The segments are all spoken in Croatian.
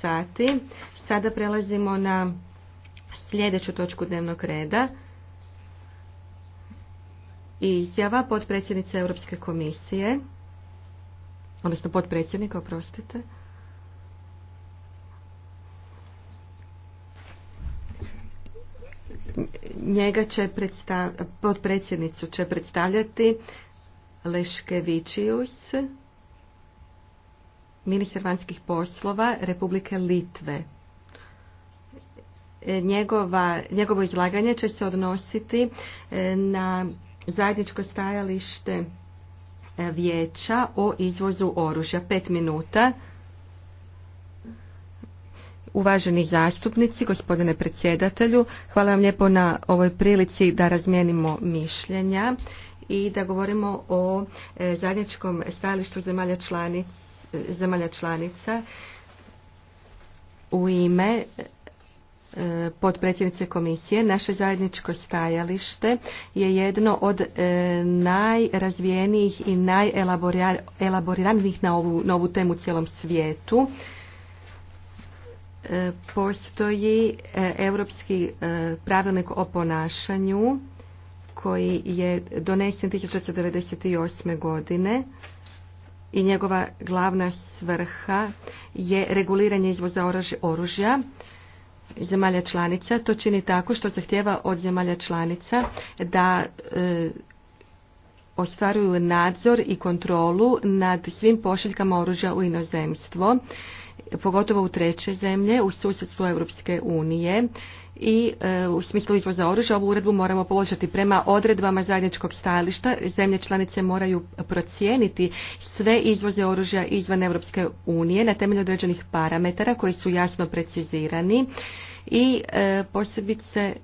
sati. Sada prelazimo na sljedeću točku dnevnog reda. Izjava potpredsjednice Europske komisije, odnosno potpredsjednika, oprostite. Njega će podpredsjednicu će predstavljati Leškevičius ministar vanjskih poslova Republike Litve. E, njegova, njegovo izlaganje će se odnositi e, na zajedničko stajalište e, vijeća o izvozu oružja. Pet minuta. Uvaženi zastupnici, gospodine predsjedatelju, hvala vam lijepo na ovoj prilici da razmijenimo mišljenja i da govorimo o zajedničkom stajalištu zemalja članica zemalja članica u ime e, potpredsjednice komisije naše zajedničko stajalište je jedno od e, najrazvijenijih i najelaboriranijih na ovu, novu temu u cijelom svijetu e, postoji europski pravilnik o ponašanju koji je donesen 1998. godine i njegova glavna svrha je reguliranje izvoza oružja zemalja članica. To čini tako što zahtjeva od zemalja članica da e, ostvaruju nadzor i kontrolu nad svim pošiljkama oružja u inozemstvo, pogotovo u treće zemlje, u susjedstvu Europske unije i e, u smislu izvoza oružja ovu uredbu moramo poboljšati prema odredbama zajedničkog stajališta. Zemlje članice moraju procijeniti sve izvoze oružja izvan Europske unije na temelju određenih parametara koji su jasno precizirani i e, posebice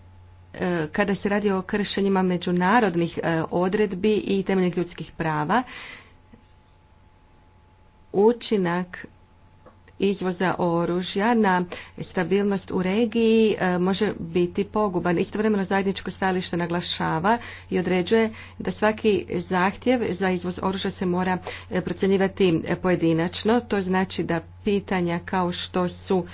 e, kada se radi o kršenjima međunarodnih odredbi i temeljnih ljudskih prava učinak izvoza oružja na stabilnost u regiji e, može biti poguban. Istovremeno zajedničko stajalište naglašava i određuje da svaki zahtjev za izvoz oružja se mora e, procjenjivati e, pojedinačno. To znači da pitanja kao što su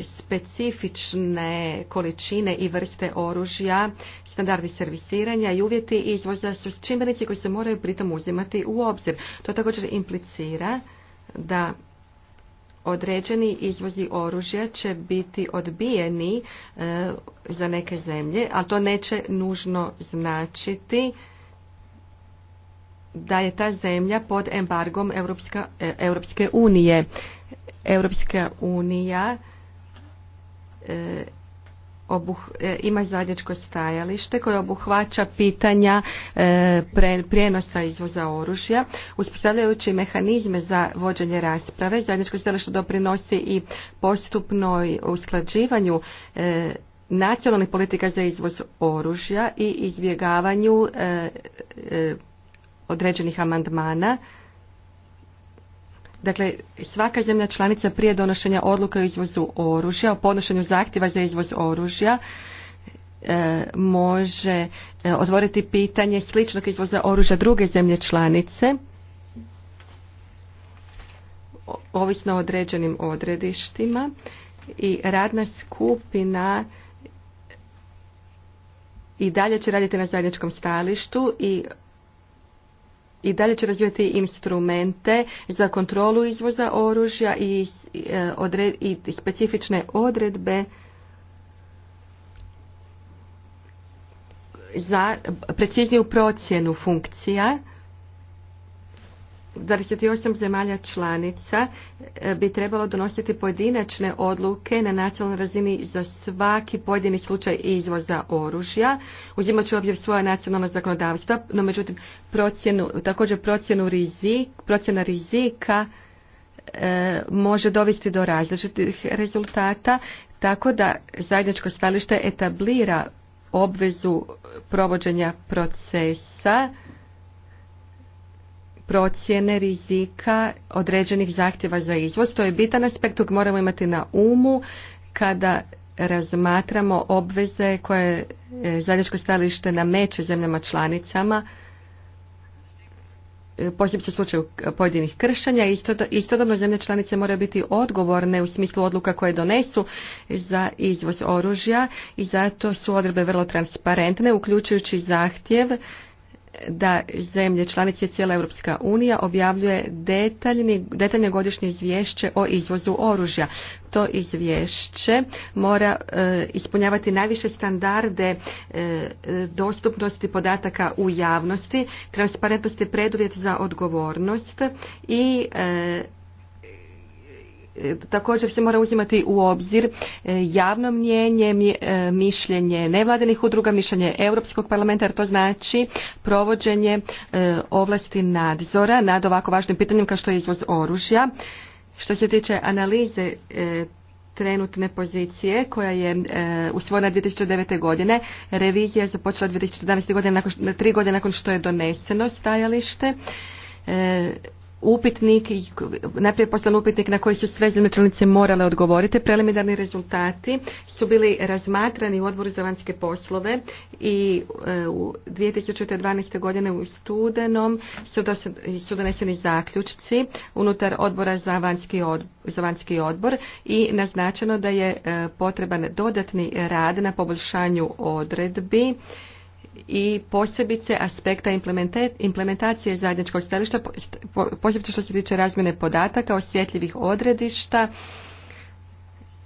specifične količine i vrste oružja, standardi servisiranja i uvjeti izvoza su čimbenici koji se moraju pritom uzimati u obzir. To također implicira da određeni izvozi oružja će biti odbijeni e, za neke zemlje, ali to neće nužno značiti da je ta zemlja pod embargom Europska, e, Europske unije. Europska unija e, obuh, e, ima zajedničko stajalište koje obuhvaća pitanja e, prijenosa izvoza oružja. Uspostavljajući mehanizme za vođenje rasprave, zajedničko stajalište doprinosi i postupnoj usklađivanju e, nacionalnih politika za izvoz oružja i izbjegavanju e, određenih amandmana Dakle, svaka zemlja članica prije donošenja odluke o izvozu oružja, o podnošenju zahtjeva za izvoz oružja, e, može e, otvoriti pitanje sličnog izvoza oružja druge zemlje članice, ovisno o određenim odredištima. I radna skupina i dalje će raditi na zajedničkom stalištu i i dalje će razvijati instrumente za kontrolu izvoza oružja i, e, i specifične odredbe za precizniju procjenu funkcija 28 zemalja članica e, bi trebalo donositi pojedinačne odluke na nacionalnoj razini za svaki pojedini slučaj izvoza oružja, Uzimat ću obzir svoja nacionalna zakonodavstva, no međutim procjenu, također procjenu rizik, procjena rizika e, može dovesti do različitih rezultata, tako da zajedničko stajalište etablira obvezu provođenja procesa procjene rizika određenih zahtjeva za izvoz. To je bitan aspekt kojeg moramo imati na umu kada razmatramo obveze koje e, zajedničko stajalište nameće zemljama članicama e, se slučaju pojedinih kršenja. Istodobno zemlje članice moraju biti odgovorne u smislu odluka koje donesu za izvoz oružja i zato su odrebe vrlo transparentne, uključujući zahtjev da zemlje članice cijela Europska unija objavljuje detaljni, detaljne godišnje izvješće o izvozu oružja. To izvješće mora e, ispunjavati najviše standarde e, dostupnosti podataka u javnosti, transparentnosti preduvjet za odgovornost i e, također se mora uzimati u obzir e, javno mnjenje, e, mišljenje nevladinih udruga, mišljenje Europskog parlamenta, jer to znači provođenje e, ovlasti nadzora nad ovako važnim pitanjem kao što je izvoz oružja. Što se tiče analize trenutne pozicije koja je e, usvojena 2009. godine. Revizija je započela 2014. godine, nakon, tri godine nakon što je doneseno stajalište upitnik, najprije poslan upitnik na koji su sve zemlje članice morale odgovoriti. Preliminarni rezultati su bili razmatrani u odboru za vanjske poslove i e, u 2012. godine u studenom su doneseni zaključci unutar odbora za vanjski, odbor, za vanjski odbor i naznačeno da je e, potreban dodatni rad na poboljšanju odredbi i posebice aspekta implementacije zajedničkog stajališta, posebice što se tiče razmjene podataka, osjetljivih odredišta,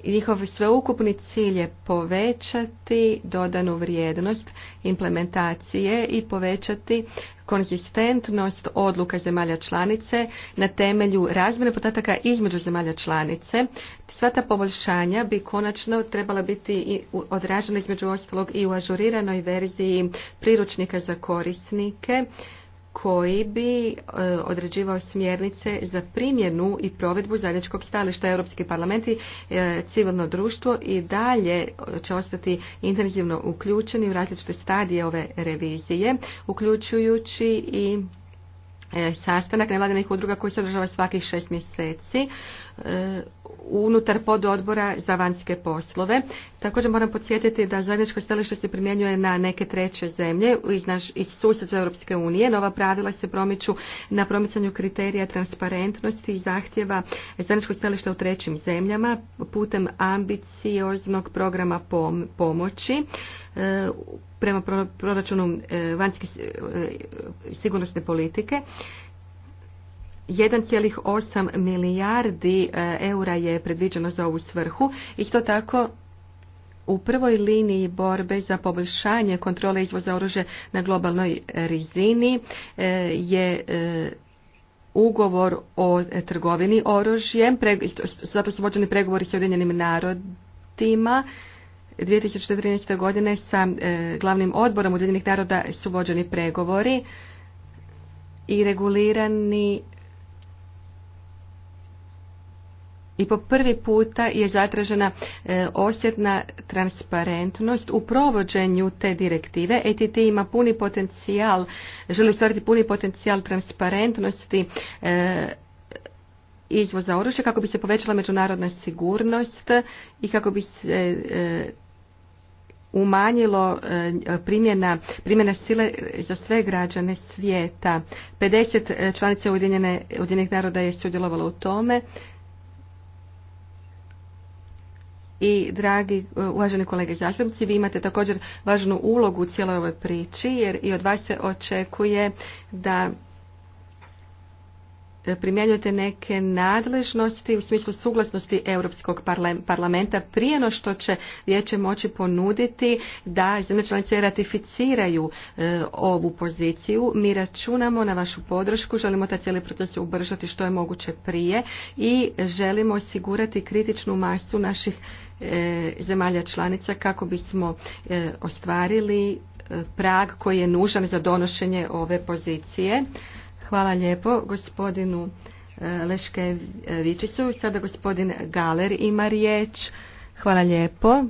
njihov sveukupni cilj je povećati dodanu vrijednost implementacije i povećati konzistentnost odluka zemalja članice na temelju razmjene podataka između zemalja članice. Sva ta poboljšanja bi konačno trebala biti odražena između ostalog i u ažuriranoj verziji priručnika za korisnike koji bi e, određivao smjernice za primjenu i provedbu zajedničkog stajališta Europski parlamenti e, civilno društvo i dalje će ostati intenzivno uključeni u različite stadije ove revizije, uključujući i e, sastanak nevladinih udruga koji se održava svakih šest mjeseci. E, unutar pododbora za vanjske poslove. Također moram podsjetiti da zajedničko stalište se primjenjuje na neke treće zemlje iz, naš, susjedstva Europske unije. Nova pravila se promiču na promicanju kriterija transparentnosti i zahtjeva zajedničkog stelište u trećim zemljama putem ambicioznog programa pomoći e, prema proračunu e, vanjske sigurnosne politike 1,8 milijardi e, eura je predviđeno za ovu svrhu. Isto tako u prvoj liniji borbe za poboljšanje kontrole izvoza oružja na globalnoj rizini e, je e, ugovor o trgovini oružjem, zato su vođeni pregovori s Ujedinjenim narodima. 2013. godine sa glavnim odborom Ujedinjenih naroda su vođeni pregovori i regulirani i po prvi puta je zatražena e, osjetna transparentnost u provođenju te direktive. ETT ima puni potencijal, želi stvariti puni potencijal transparentnosti e, izvoza oružja kako bi se povećala međunarodna sigurnost i kako bi se e, umanjilo primjena, primjena sile za sve građane svijeta. 50 članica Ujedinjenih naroda je sudjelovalo u tome. i dragi e, uvaženi kolege zastupnici, vi imate također važnu ulogu u cijeloj ovoj priči jer i od vas se očekuje da e, primjenjujete neke nadležnosti u smislu suglasnosti Europskog parlamenta prije no što će vijeće moći ponuditi da zemlje članice ratificiraju e, ovu poziciju. Mi računamo na vašu podršku, želimo taj cijeli proces ubržati što je moguće prije i želimo osigurati kritičnu masu naših Eh, zemalja članica kako bismo eh, ostvarili eh, prag koji je nužan za donošenje ove pozicije. Hvala lijepo gospodinu Leške Vičicu. Sada gospodin Galer ima riječ. Hvala lijepo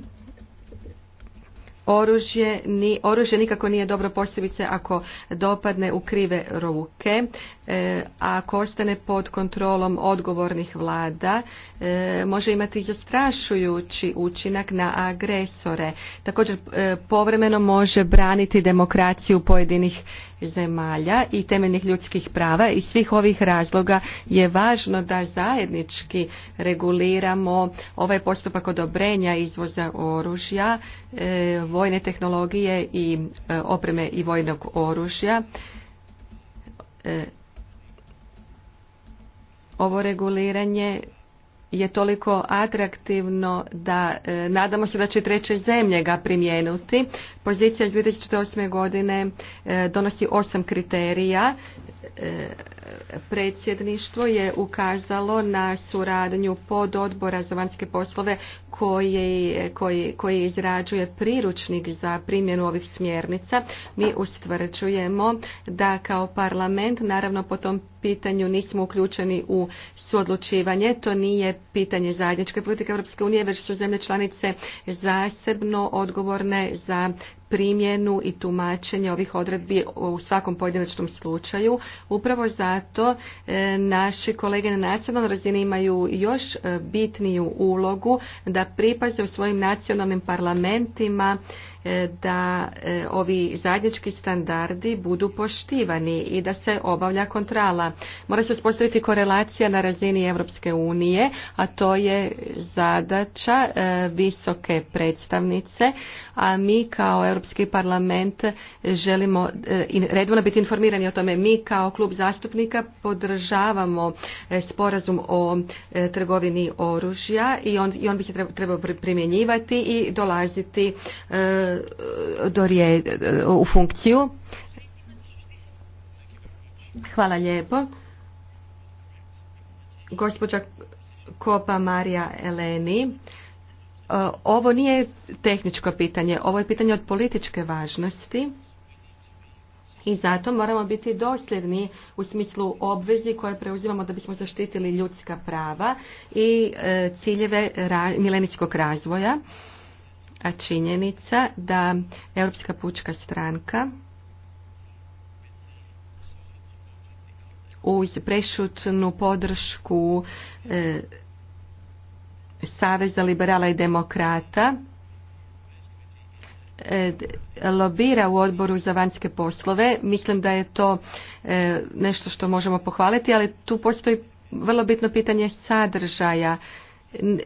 oružje, oružje nikako nije dobro posebice ako dopadne u krive ruke, e, ako ostane pod kontrolom odgovornih vlada, e, može imati zastrašujući učinak na agresore. Također e, povremeno može braniti demokraciju pojedinih zemalja i temeljnih ljudskih prava. i svih ovih razloga je važno da zajednički reguliramo ovaj postupak odobrenja izvoza oružja, e, vojne tehnologije i e, opreme i vojnog oružja. E, ovo reguliranje je toliko atraktivno da e, nadamo se da će treće zemlje ga primijenuti. Pozicija iz 2008. godine e, donosi osam kriterija. E, predsjedništvo je ukazalo na suradnju pod odbora za vanjske poslove koji, koji, koji izrađuje priručnik za primjenu ovih smjernica, mi ustvrđujemo da kao parlament, naravno po tom pitanju nismo uključeni u suodlučivanje, to nije pitanje zajedničke politike Europske unije, već su zemlje članice zasebno odgovorne za primjenu i tumačenje ovih odredbi u svakom pojedinačnom slučaju. Upravo zato e, naši kolege na nacionalnoj razini imaju još e, bitniju ulogu da pripaze u svojim nacionalnim parlamentima E, da e, ovi zajednički standardi budu poštivani i da se obavlja kontrola. Mora se uspostaviti korelacija na razini Europske unije, a to je zadaća e, visoke predstavnice, a mi kao Europski parlament želimo redovno biti informirani o tome. Mi kao klub zastupnika podržavamo sporazum o trgovini oružja i on, i on bi se trebao primjenjivati i dolaziti dorije, u funkciju. Hvala lijepo. Gospođa Kopa Marija Eleni, e, ovo nije tehničko pitanje, ovo je pitanje od političke važnosti i zato moramo biti dosljedni u smislu obvezi koje preuzimamo da bismo zaštitili ljudska prava i e, ciljeve milenijskog razvoja činjenica da Europska pučka stranka uz prešutnu podršku e, Saveza liberala i demokrata e, lobira u odboru za vanjske poslove. Mislim da je to e, nešto što možemo pohvaliti, ali tu postoji vrlo bitno pitanje sadržaja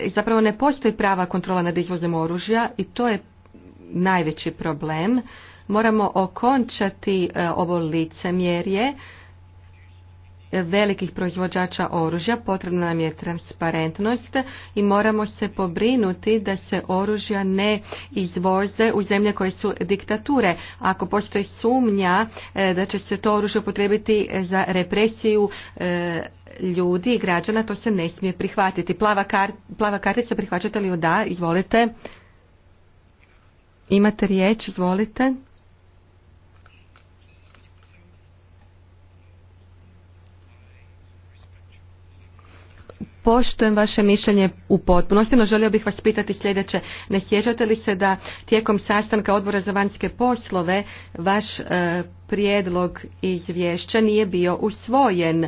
zapravo ne postoji prava kontrola nad izvozom oružja i to je najveći problem. Moramo okončati e, ovo licemjerje velikih proizvođača oružja, potrebna nam je transparentnost i moramo se pobrinuti da se oružja ne izvoze u zemlje koje su diktature. Ako postoji sumnja e, da će se to oružje upotrijebiti za represiju e, ljudi i građana, to se ne smije prihvatiti. Plava, plava kartica, prihvaćate li ju? Da, izvolite. Imate riječ, izvolite. poštujem vaše mišljenje u potpunosti, no želio bih vas pitati sljedeće. Ne sjećate li se da tijekom sastanka odbora za vanjske poslove vaš e, prijedlog izvješća nije bio usvojen?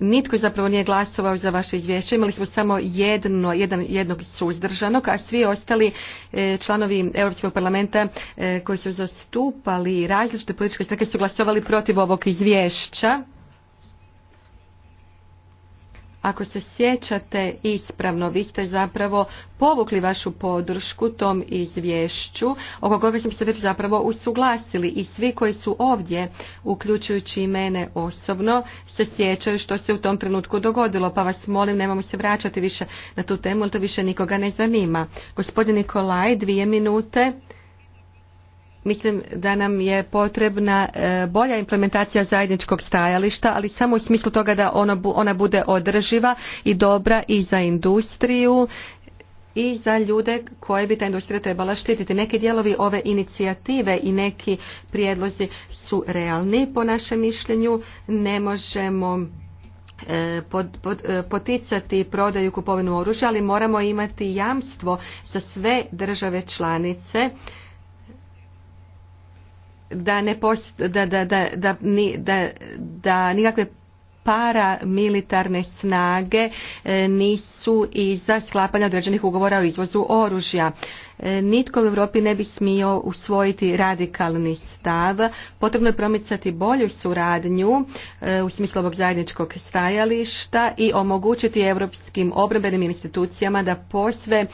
Nitko zapravo nije glasovao za vaše izvješće, imali smo samo jedno, jedan, jednog suzdržanog, a svi ostali e, članovi Europskog parlamenta e, koji su zastupali različite političke stranke su glasovali protiv ovog izvješća. Ako se sjećate ispravno, vi ste zapravo povukli vašu podršku tom izvješću, oko koga smo se već zapravo usuglasili i svi koji su ovdje, uključujući i mene osobno, se sjećaju što se u tom trenutku dogodilo, pa vas molim, nemamo se vraćati više na tu temu, jer to više nikoga ne zanima. Gospodin Nikolaj, dvije minute. Mislim da nam je potrebna e, bolja implementacija zajedničkog stajališta, ali samo u smislu toga da ono ona bude održiva i dobra i za industriju i za ljude koje bi ta industrija trebala štititi. Neki dijelovi ove inicijative i neki prijedlozi su realni po našem mišljenju. Ne možemo e, e, poticati prodaju kupovinu oružja, ali moramo imati jamstvo za sve države članice da ne da, da, da, da, da, da nikakve paramilitarne snage e, nisu iza sklapanja određenih ugovora o izvozu oružja. E, nitko u Europi ne bi smio usvojiti radikalni stav. Potrebno je promicati bolju suradnju e, u smislu ovog zajedničkog stajališta i omogućiti europskim obrambenim institucijama da posve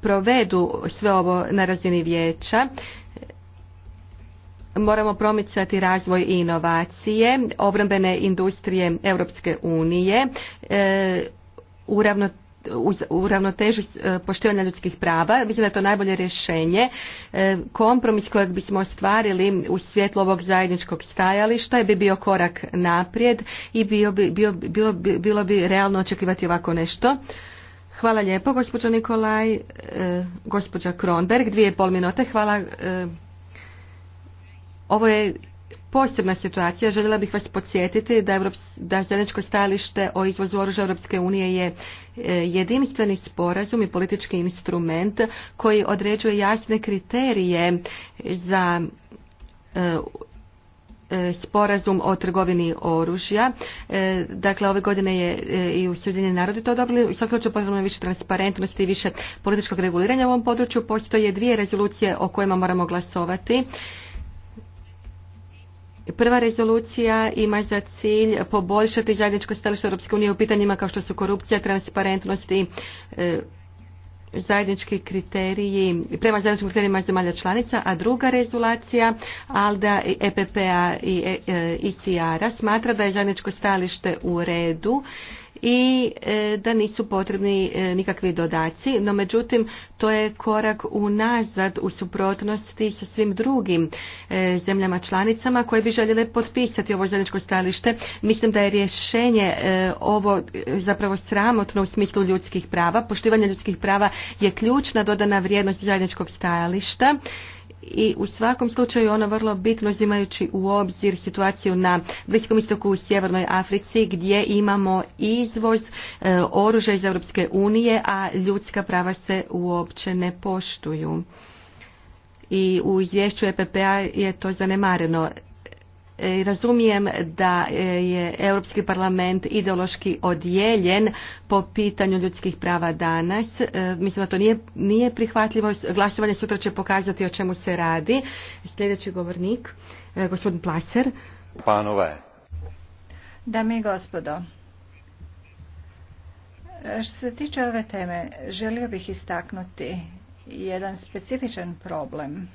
provedu sve ovo na razini vijeća moramo promicati razvoj i inovacije, obrambene industrije Europske unije, e, uravno u ravnotežu e, poštivanja ljudskih prava. Mislim da je to najbolje rješenje. E, kompromis kojeg bismo ostvarili u svjetlu ovog zajedničkog stajališta bi bio korak naprijed i bio bi, bilo, bi, bilo bi realno očekivati ovako nešto. Hvala lijepo, gospođo Nikolaj, gospođa Kronberg, dvije i pol minute. Hvala ovo je posebna situacija. Željela bih vas podsjetiti da, da zajedničko stajalište o izvozu oružja Europske unije je e, jedinstveni sporazum i politički instrument koji određuje jasne kriterije za e, e, sporazum o trgovini oružja. Dakle, ove godine je i u Sjedinjeni narodi to dobili. U svakom slučaju potrebno je više transparentnosti i više političkog reguliranja u ovom području. Postoje dvije rezolucije o kojima moramo glasovati. Prva rezolucija ima za cilj poboljšati zajedničko stajalište Europske unije u pitanjima kao što su korupcija, transparentnost i e, zajednički kriteriji, prema zajedničkim kriterijima zemalja članica, a druga rezolucija ALDA, EPP-a i e ICR-a e, smatra da je zajedničko stajalište u redu i e, da nisu potrebni e, nikakvi dodaci, no međutim to je korak unazad u suprotnosti sa svim drugim e, zemljama članicama koje bi željele potpisati ovo zajedničko stajalište. Mislim da je rješenje ovo zapravo sramotno u smislu ljudskih prava. Poštivanje ljudskih prava je ključna dodana vrijednost zajedničkog stajališta i u svakom slučaju ono vrlo bitno uzimajući u obzir situaciju na Bliskom istoku u Sjevernoj Africi gdje imamo izvoz e, oružja iz Europske unije, a ljudska prava se uopće ne poštuju. I u izvješću EPPA je to zanemareno. E, razumijem da e, je Europski parlament ideološki odjeljen po pitanju ljudskih prava danas. E, mislim da to nije, nije prihvatljivo. Glasovanje sutra će pokazati o čemu se radi. Sljedeći govornik, gospodin Plaser. Panove. Dame i gospodo, što se tiče ove teme, želio bih istaknuti jedan specifičan problem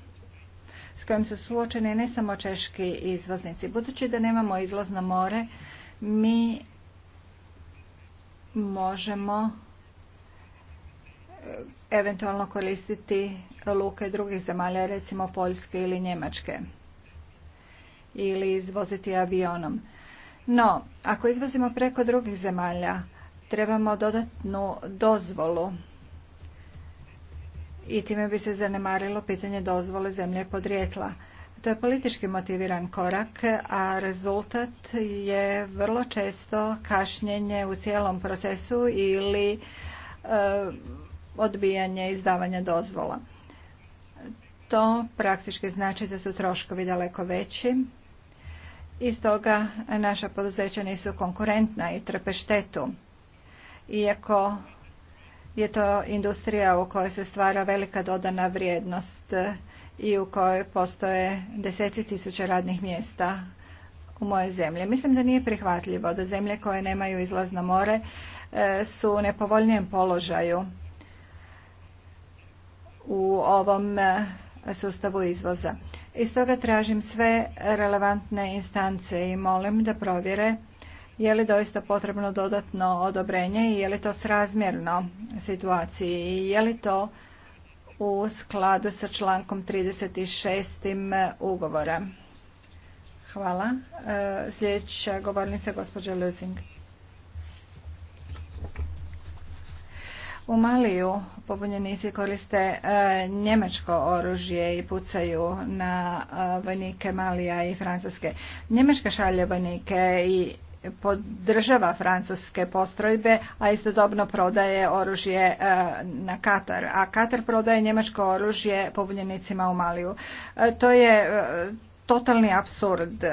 s kojim su suočeni ne samo češki izvoznici. Budući da nemamo izlaz na more, mi možemo e, eventualno koristiti luke drugih zemalja, recimo Poljske ili Njemačke, ili izvoziti avionom. No, ako izvozimo preko drugih zemalja, trebamo dodatnu dozvolu i time bi se zanemarilo pitanje dozvole zemlje podrijetla. To je politički motiviran korak, a rezultat je vrlo često kašnjenje u cijelom procesu ili e, odbijanje izdavanja dozvola. To praktički znači da su troškovi daleko veći i stoga naša poduzeća nisu konkurentna i trpe štetu. Iako je to industrija u kojoj se stvara velika dodana vrijednost eh, i u kojoj postoje deseci tisuća radnih mjesta u moje zemlje. Mislim da nije prihvatljivo da zemlje koje nemaju izlaz na more eh, su u nepovoljnijem položaju u ovom eh, sustavu izvoza. I stoga tražim sve relevantne instance i molim da provjere je li doista potrebno dodatno odobrenje i je li to srazmjerno situaciji i je li to u skladu sa člankom 36. ugovora. Hvala. E, sljedeća govornica gospođa Lusing. U Maliju pobunjenici koriste e, njemačko oružje i pucaju na e, vojnike Malija i Francuske. Njemačka šalje vojnike i podržava francuske postrojbe, a istodobno prodaje oružje e, na Katar. A Katar prodaje njemačko oružje pobunjenicima u Maliju. E, to je e, totalni absurd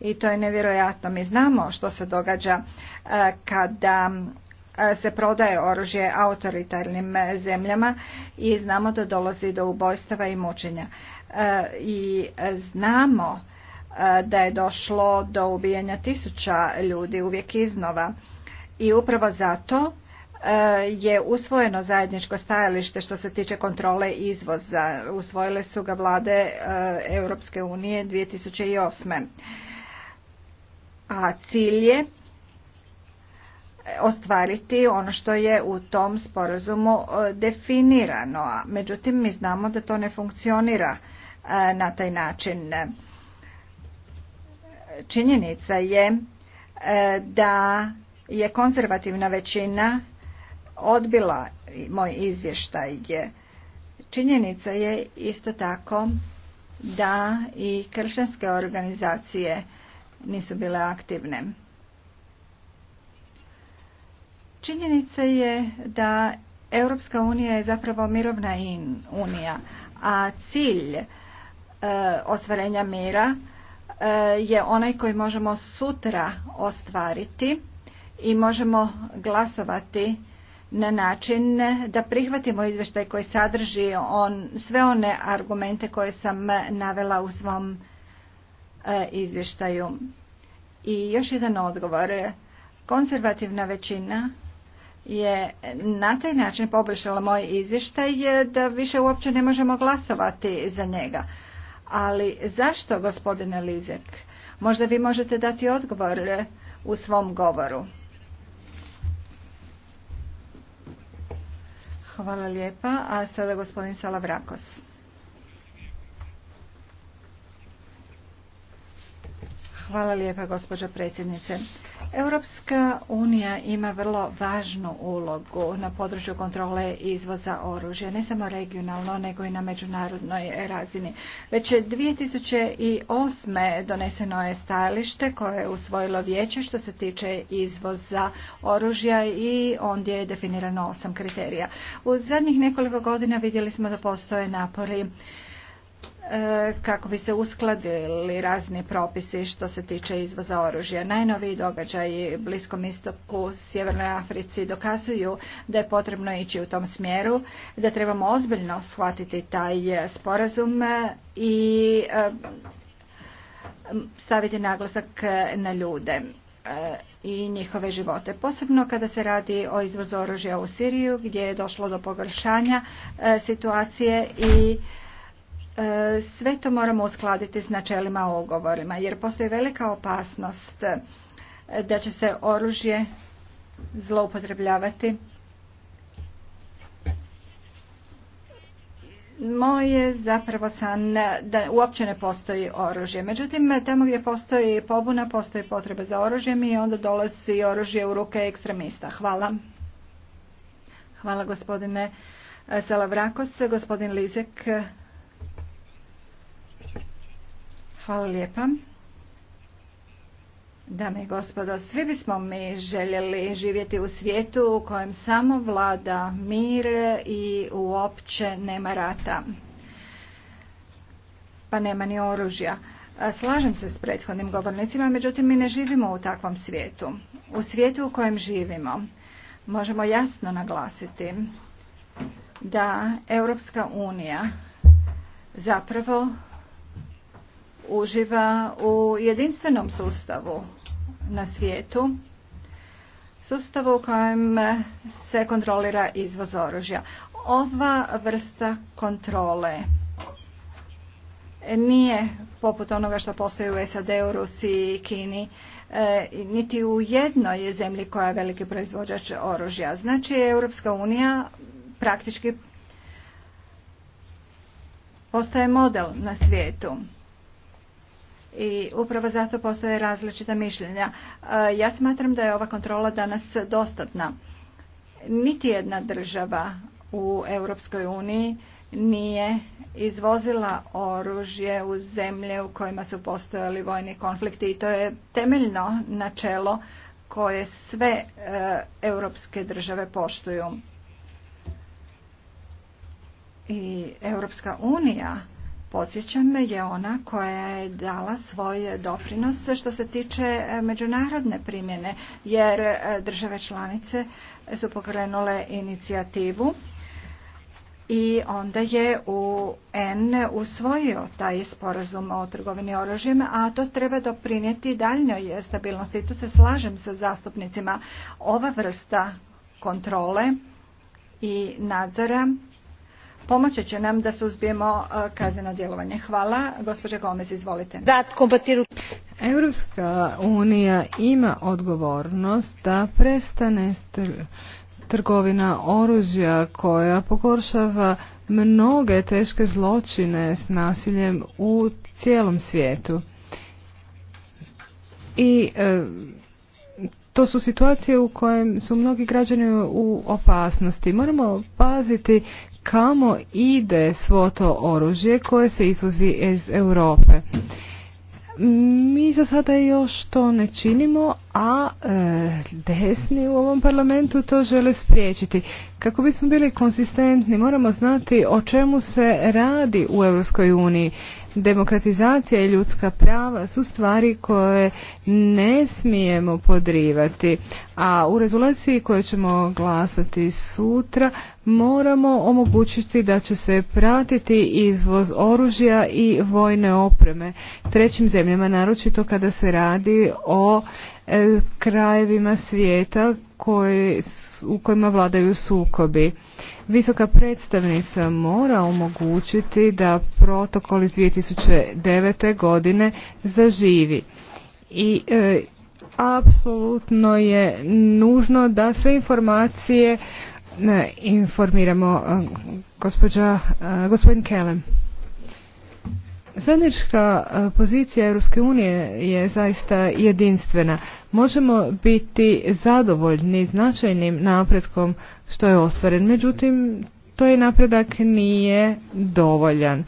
i to je nevjerojatno. Mi znamo što se događa kada se prodaje oružje autoritarnim zemljama i znamo da dolazi do ubojstava i mučenja. I znamo E, da je došlo do ubijanja tisuća ljudi uvijek iznova. I upravo zato e, je usvojeno zajedničko stajalište što se tiče kontrole izvoza. Usvojile su ga vlade e, Europske unije 2008. A cilj je ostvariti ono što je u tom sporazumu definirano. Međutim, mi znamo da to ne funkcionira na taj način činjenica je e, da je konzervativna većina odbila moj izvještaj. Činjenica je isto tako da i kršćanske organizacije nisu bile aktivne. Činjenica je da Europska unija je zapravo mirovna unija, a cilj e, ostvarenja mira E, je onaj koji možemo sutra ostvariti i možemo glasovati na način da prihvatimo izvještaj koji sadrži on, sve one argumente koje sam navela u svom e, izvještaju. I još jedan odgovor. Konzervativna većina je na taj način poboljšala moj izvještaj da više uopće ne možemo glasovati za njega. Ali zašto, gospodine Lizek? Možda vi možete dati odgovor e, u svom govoru. Hvala lijepa. A sada gospodin Salavrakos. Hvala lijepa, gospođo predsjednice. Europska unija ima vrlo važnu ulogu na području kontrole izvoza oružja, ne samo regionalno, nego i na međunarodnoj razini. Već 2008. doneseno je stajalište koje je usvojilo vijeće što se tiče izvoza oružja i ondje je definirano osam kriterija. U zadnjih nekoliko godina vidjeli smo da postoje napori E, kako bi se uskladili razni propisi što se tiče izvoza oružja. Najnoviji događaji Bliskom istoku, Sjevernoj Africi dokazuju da je potrebno ići u tom smjeru, da trebamo ozbiljno shvatiti taj sporazum i e, staviti naglasak na ljude e, i njihove živote. Posebno kada se radi o izvozu oružja u Siriju gdje je došlo do pogoršanja situacije i sve to moramo uskladiti s načelima ogovorima, jer postoji velika opasnost e, da će se oružje zloupotrebljavati. Moje zapravo san da uopće ne postoji oružje. Međutim, tamo gdje postoji pobuna, postoji potreba za oružjem i onda dolazi oružje u ruke ekstremista. Hvala. Hvala gospodine Salavrakos. Gospodin Lizek Hvala lijepa. Dame i gospodo, svi bismo mi željeli živjeti u svijetu u kojem samo vlada mir i uopće nema rata. Pa nema ni oružja. Slažem se s prethodnim govornicima, međutim mi ne živimo u takvom svijetu. U svijetu u kojem živimo možemo jasno naglasiti da Europska unija zapravo uživa u jedinstvenom sustavu na svijetu, sustavu u kojem se kontrolira izvoz oružja. Ova vrsta kontrole nije poput onoga što postoji u SAD-u, Rusiji i Kini, e, niti u jednoj zemlji koja je veliki proizvođač oružja. Znači, Europska unija praktički postaje model na svijetu i upravo zato postoje različita mišljenja. E, ja smatram da je ova kontrola danas dostatna. Niti jedna država u Europskoj uniji nije izvozila oružje u zemlje u kojima su postojali vojni konflikti i to je temeljno načelo koje sve e, europske države poštuju. I Europska unija Podsjećam je ona koja je dala svoj doprinos što se tiče e, međunarodne primjene, jer e, države članice su pokrenule inicijativu i onda je UN usvojio taj sporazum o trgovini oružjem, a to treba doprinijeti daljnjoj stabilnosti. tu se slažem sa zastupnicima. Ova vrsta kontrole i nadzora Pomoći će nam da suzbijemo e, kazneno djelovanje. Hvala. Gospođa Gomez, izvolite. Europska unija ima odgovornost da prestane trgovina oružja koja pogoršava mnoge teške zločine s nasiljem u cijelom svijetu. I e, to su situacije u kojem su mnogi građani u opasnosti. Moramo paziti kamo ide svo to oružje koje se izvozi iz Europe. Mi za sada još to ne činimo, a e, desni u ovom parlamentu to žele spriječiti. Kako bismo bili konsistentni, moramo znati o čemu se radi u Europskoj uniji. Demokratizacija i ljudska prava su stvari koje ne smijemo podrivati, a u rezoluciji koju ćemo glasati sutra moramo omogućiti da će se pratiti izvoz oružja i vojne opreme trećim zemljama, naročito kada se radi o E, krajevima svijeta koji, u kojima vladaju sukobi. Visoka predstavnica mora omogućiti da protokol iz 2009. godine zaživi. I e, apsolutno je nužno da sve informacije ne, informiramo e, gospođa, gospodin Kelem. Zajednička e, pozicija Europske unije je zaista jedinstvena. Možemo biti zadovoljni značajnim napretkom što je ostvaren, međutim to je napredak nije dovoljan.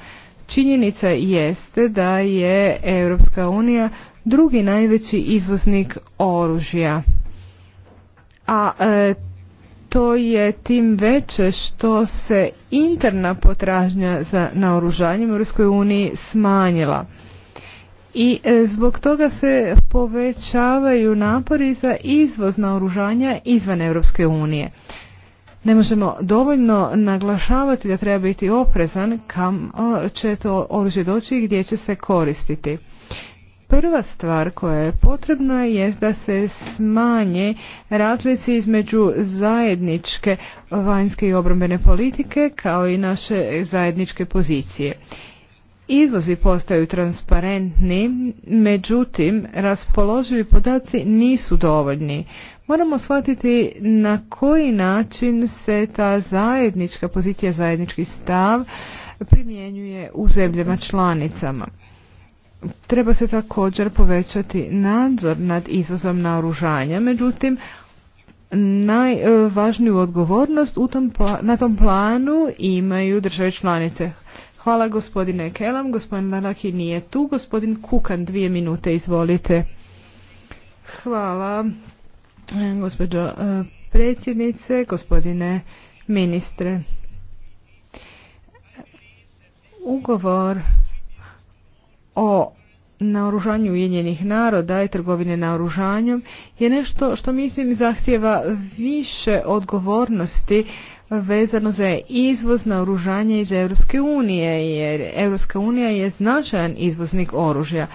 Činjenica jeste da je Europska unija drugi najveći izvoznik oružja. A e, to je tim veće što se interna potražnja za naoružanjem u EU smanjila. I e, zbog toga se povećavaju napori za izvoz naoružanja izvan Europske unije. Ne možemo dovoljno naglašavati da treba biti oprezan kam će to oružje doći i gdje će se koristiti. Prva stvar koja je potrebna je da se smanje razlici između zajedničke vanjske i obrambene politike kao i naše zajedničke pozicije. Izvozi postaju transparentni, međutim raspoloživi podaci nisu dovoljni. Moramo shvatiti na koji način se ta zajednička pozicija, zajednički stav primjenjuje u zemljama članicama. Treba se također povećati nadzor nad izvozom naoružanja, međutim najvažniju odgovornost na tom planu imaju države članice. Hvala gospodine Kelam, gospodin Laraki nije tu, gospodin Kukan dvije minute, izvolite. Hvala gospođo e, predsjednice, gospodine ministre. Ugovor o naoružanju Ujedinjenih naroda i trgovine naoružanjem je nešto što mislim zahtjeva više odgovornosti vezano za izvoz naoružanja iz Europske unije jer Europska unija je značajan izvoznik oružja.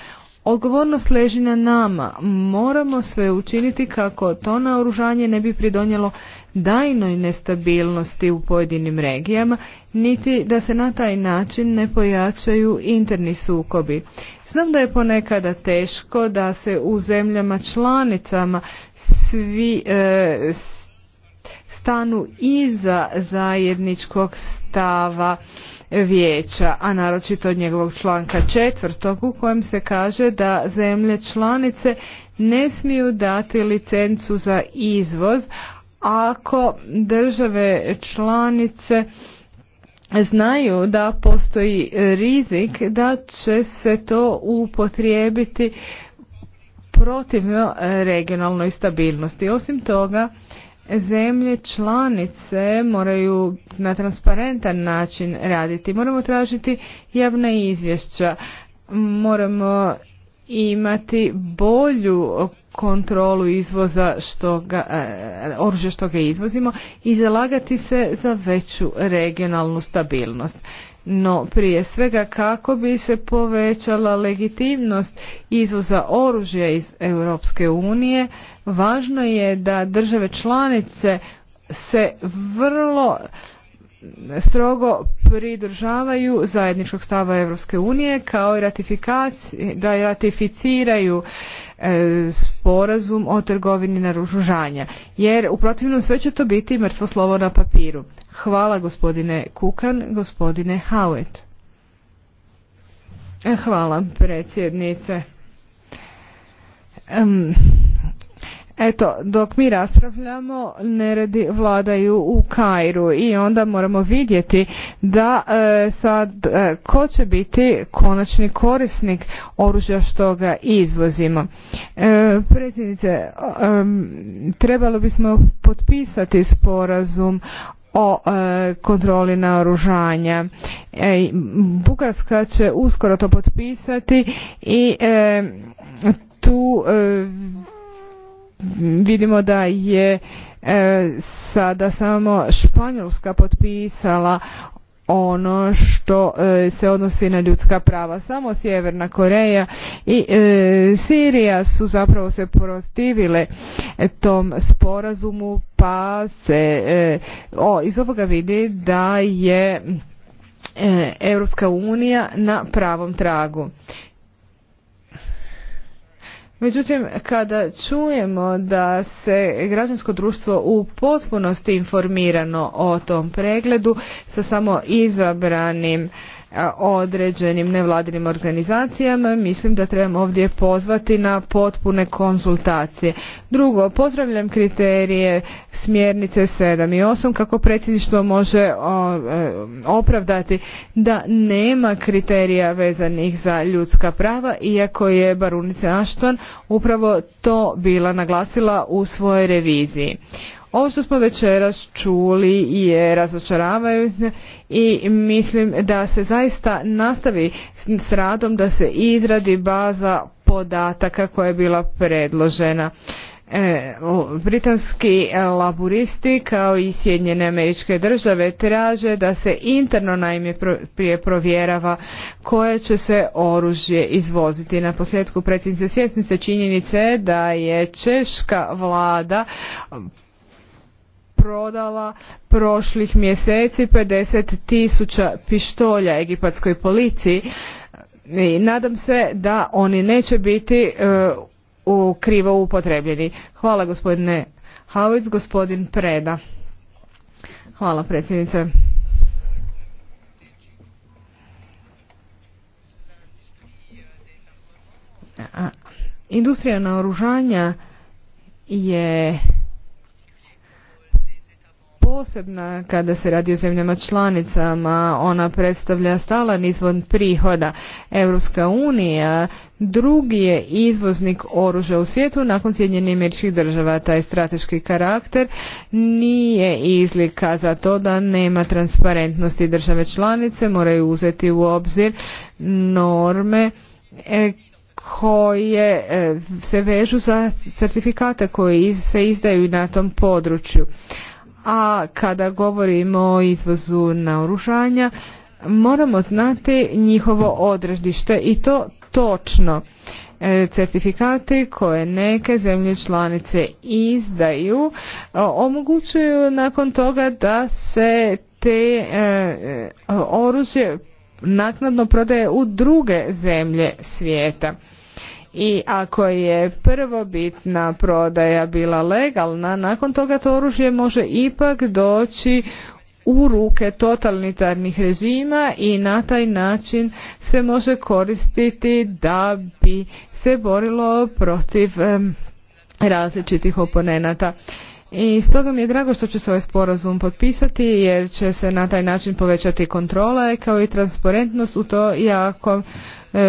Odgovornost leži na nama. Moramo sve učiniti kako to naoružanje ne bi pridonjelo dajnoj nestabilnosti u pojedinim regijama, niti da se na taj način ne pojačaju interni sukobi. Znam da je ponekada teško da se u zemljama članicama svi e, stanu iza zajedničkog stava vijeća, a naročito od njegovog članka četvrtog u kojem se kaže da zemlje članice ne smiju dati licencu za izvoz, ako države članice znaju da postoji rizik da će se to upotrijebiti protivno regionalnoj stabilnosti. Osim toga, zemlje članice moraju na transparentan način raditi. Moramo tražiti javna izvješća. Moramo imati bolju kontrolu izvoza što ga, e, oružja što ga izvozimo i zalagati se za veću regionalnu stabilnost. No prije svega kako bi se povećala legitimnost izvoza oružja iz Europske unije, važno je da države članice se vrlo strogo pridržavaju zajedničkog stava Europske unije kao i da ratificiraju e, sporazum o trgovini naružanja jer u protivnom sve će to biti mrtvo slovo na papiru. Hvala gospodine Kukan, gospodine Howitt. E, hvala predsjednice. Eto, dok mi raspravljamo, neredi vladaju u Kairu i onda moramo vidjeti da e, sad e, ko će biti konačni korisnik oružja što ga izvozimo. E, predsjednice, trebalo bismo potpisati sporazum o kontroli naoružanja. E, Bugarska će uskoro to potpisati i tu vidimo da je e, sada samo Španjolska potpisala ono što e, se odnosi na ljudska prava. Samo Sjeverna Koreja i e, Sirija su zapravo se protivile tom sporazumu pa se o, iz ovoga vidi da je Europska unija na pravom tragu. Međutim, kada čujemo da se građansko društvo u potpunosti informirano o tom pregledu sa samo izabranim određenim nevladinim organizacijama, mislim da trebamo ovdje pozvati na potpune konzultacije Drugo, pozdravljam kriterije smjernice 7 i 8 kako predsjedništvo može e, opravdati da nema kriterija vezanih za ljudska prava, iako je Barunica Ashton upravo to bila naglasila u svojoj reviziji. Ovo što smo večeras čuli je razočaravajuće i mislim da se zaista nastavi s radom da se izradi baza podataka koja je bila predložena. E, britanski laburisti kao i Sjedinjene američke države traže da se interno naime prije provjerava koje će se oružje izvoziti. Na posljedku predsjednice svjesnice činjenice da je češka vlada prodala prošlih mjeseci 50 tisuća pištolja egipatskoj policiji i nadam se da oni neće biti e, u krivo upotrebljeni. Hvala gospodine Havic, gospodin Preda. Hvala predsjednice. Industrija naoružanja je posebna kada se radi o zemljama članicama. Ona predstavlja stalan izvod prihoda. Europska unija drugi je izvoznik oružja u svijetu nakon Sjedinjenih američkih država. Taj strateški karakter nije izlika za to da nema transparentnosti države članice, moraju uzeti u obzir norme e, koje e, se vežu za certifikate koji se izdaju na tom području a kada govorimo o izvozu naoružanja moramo znati njihovo odredište i to točno e, certifikati koje neke zemlje članice izdaju e, omogućuju nakon toga da se te e, oružje naknadno prodaje u druge zemlje svijeta i ako je prvobitna prodaja bila legalna, nakon toga to oružje može ipak doći u ruke totalitarnih režima i na taj način se može koristiti da bi se borilo protiv različitih oponenata. I stoga mi je drago što će se ovaj sporazum potpisati jer će se na taj način povećati kontrola kao i transparentnost u to jako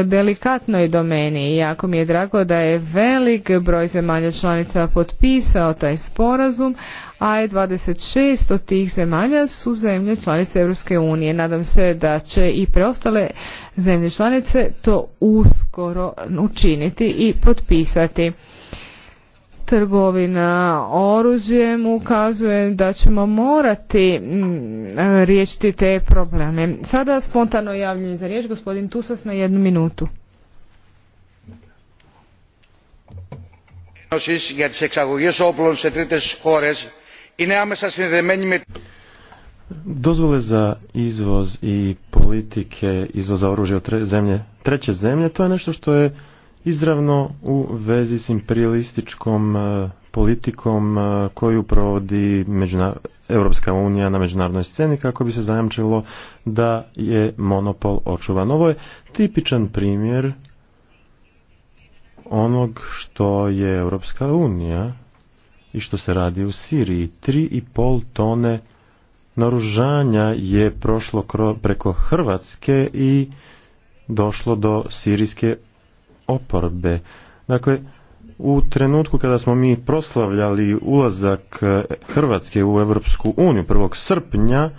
delikatnoj domeni i jako mi je drago da je velik broj zemalja članica potpisao taj sporazum, a je 26 od tih zemalja su zemlje članice Europske unije. Nadam se da će i preostale zemlje članice to uskoro učiniti i potpisati trgovina oružjem ukazuje da ćemo morati mm, e, riješiti te probleme. Sada spontano javljanje za riječ gospodin Tusas na jednu minutu. για τις εξαγωγές όπλων σε τρίτες χώρες Dozvole za izvoz i politike izvoza oružja u zemlje, treće zemlje, to je nešto što je izravno u vezi s imperialističkom e, politikom e, koju provodi Europska unija na međunarodnoj sceni kako bi se zajamčilo da je monopol očuvan. Ovo je tipičan primjer onog što je Europska unija i što se radi u Siriji. Tri i pol tone naružanja je prošlo preko Hrvatske i došlo do sirijske oporbe. Dakle, u trenutku kada smo mi proslavljali ulazak e, Hrvatske u Europsku uniju 1. srpnja,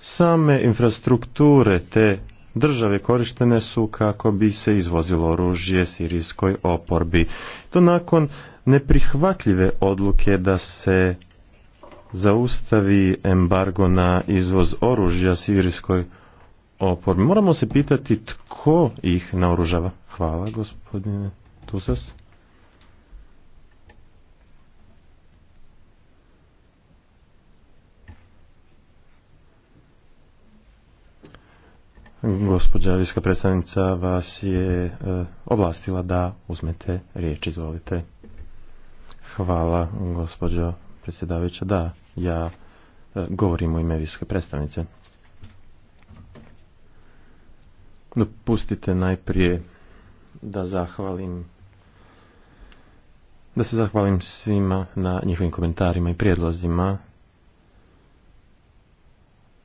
same infrastrukture te države korištene su kako bi se izvozilo oružje sirijskoj oporbi. To nakon neprihvatljive odluke da se zaustavi embargo na izvoz oružja sirijskoj oporbi. Moramo se pitati tko ih naoružava. Hvala gospodine Tusas. Gospođa viska predstavnica vas je e, oblastila da uzmete riječ, izvolite. Hvala gospođo predsjedavajuća, da, ja e, govorim u ime viske predstavnice. Dopustite najprije da zahvalim da se zahvalim svima na njihovim komentarima i prijedlozima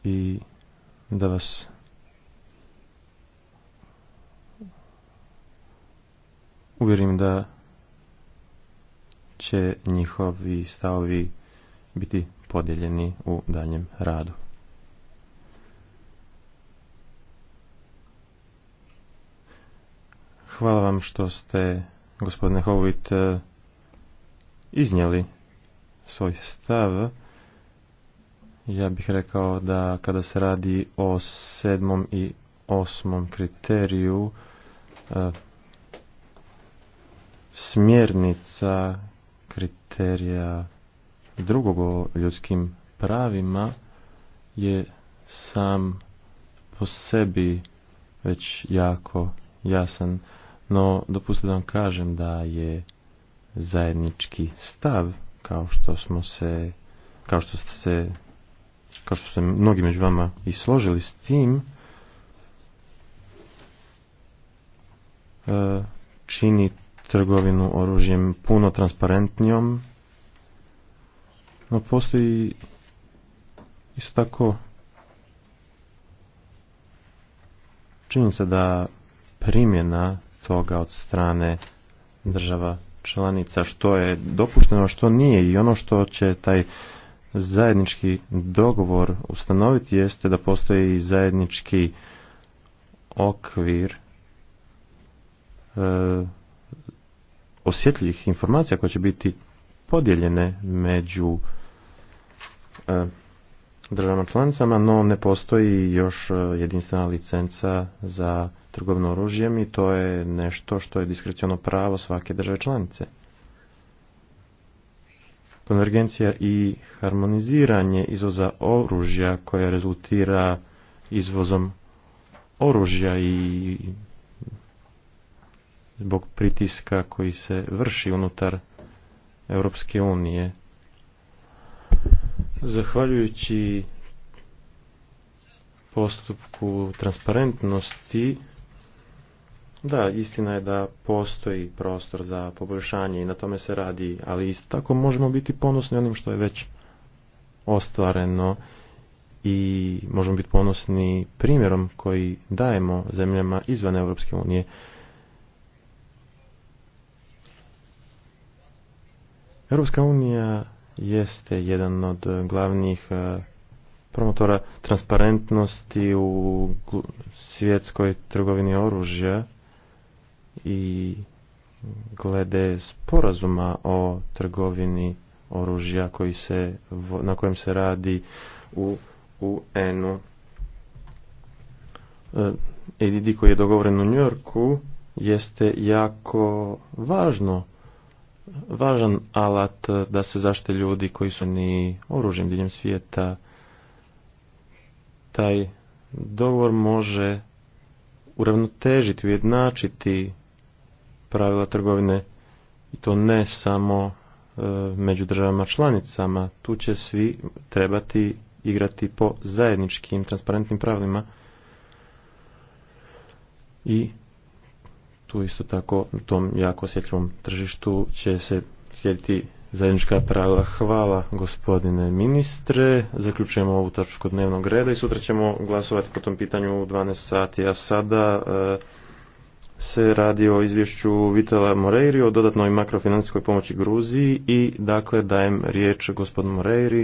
i da vas uvjerim da će njihovi stavovi biti podijeljeni u daljem radu. Hvala vam što ste, gospodine Hovit, e, iznijeli svoj stav. Ja bih rekao da kada se radi o sedmom i osmom kriteriju e, smjernica kriterija drugog o ljudskim pravima je sam po sebi već jako jasan no dopustite da vam kažem da je zajednički stav kao što smo se kao što ste se kao što ste mnogi među vama i složili s tim e, čini trgovinu oružjem puno transparentnijom no postoji isto tako činjenica da primjena toga od strane država članica što je dopušteno, a što nije i ono što će taj zajednički dogovor ustanoviti jeste da postoji zajednički okvir e, osjetljivih informacija koje će biti podijeljene među e, državama članicama, no ne postoji još e, jedinstvena licenca za trgovno oružjem i to je nešto što je diskreciono pravo svake države članice. Konvergencija i harmoniziranje izvoza oružja koje rezultira izvozom oružja i zbog pritiska koji se vrši unutar Europske unije Zahvaljujući postupku transparentnosti, da, istina je da postoji prostor za poboljšanje i na tome se radi, ali isto tako možemo biti ponosni onim što je već ostvareno i možemo biti ponosni primjerom koji dajemo zemljama izvan Europske unije. Europska unija jeste jedan od e, glavnih e, promotora transparentnosti u svjetskoj trgovini oružja i glede sporazuma o trgovini oružja koji se, na kojem se radi u UN-u. EDD koji je dogovoren u Njorku jeste jako važno važan alat da se zašte ljudi koji su ni oružjem diljem svijeta. Taj dogovor može uravnotežiti, ujednačiti pravila trgovine i to ne samo e, među državama članicama. Tu će svi trebati igrati po zajedničkim transparentnim pravilima i tu isto tako u tom jako osjetljivom tržištu će se slijediti zajednička pravila. Hvala gospodine ministre. Zaključujemo ovu tačku dnevnog reda i sutra ćemo glasovati po tom pitanju u 12 sati. A sada e, se radi o izvješću Vitala Moreiri o dodatnoj makrofinancijskoj pomoći Gruziji i dakle dajem riječ gospodinu Moreiri.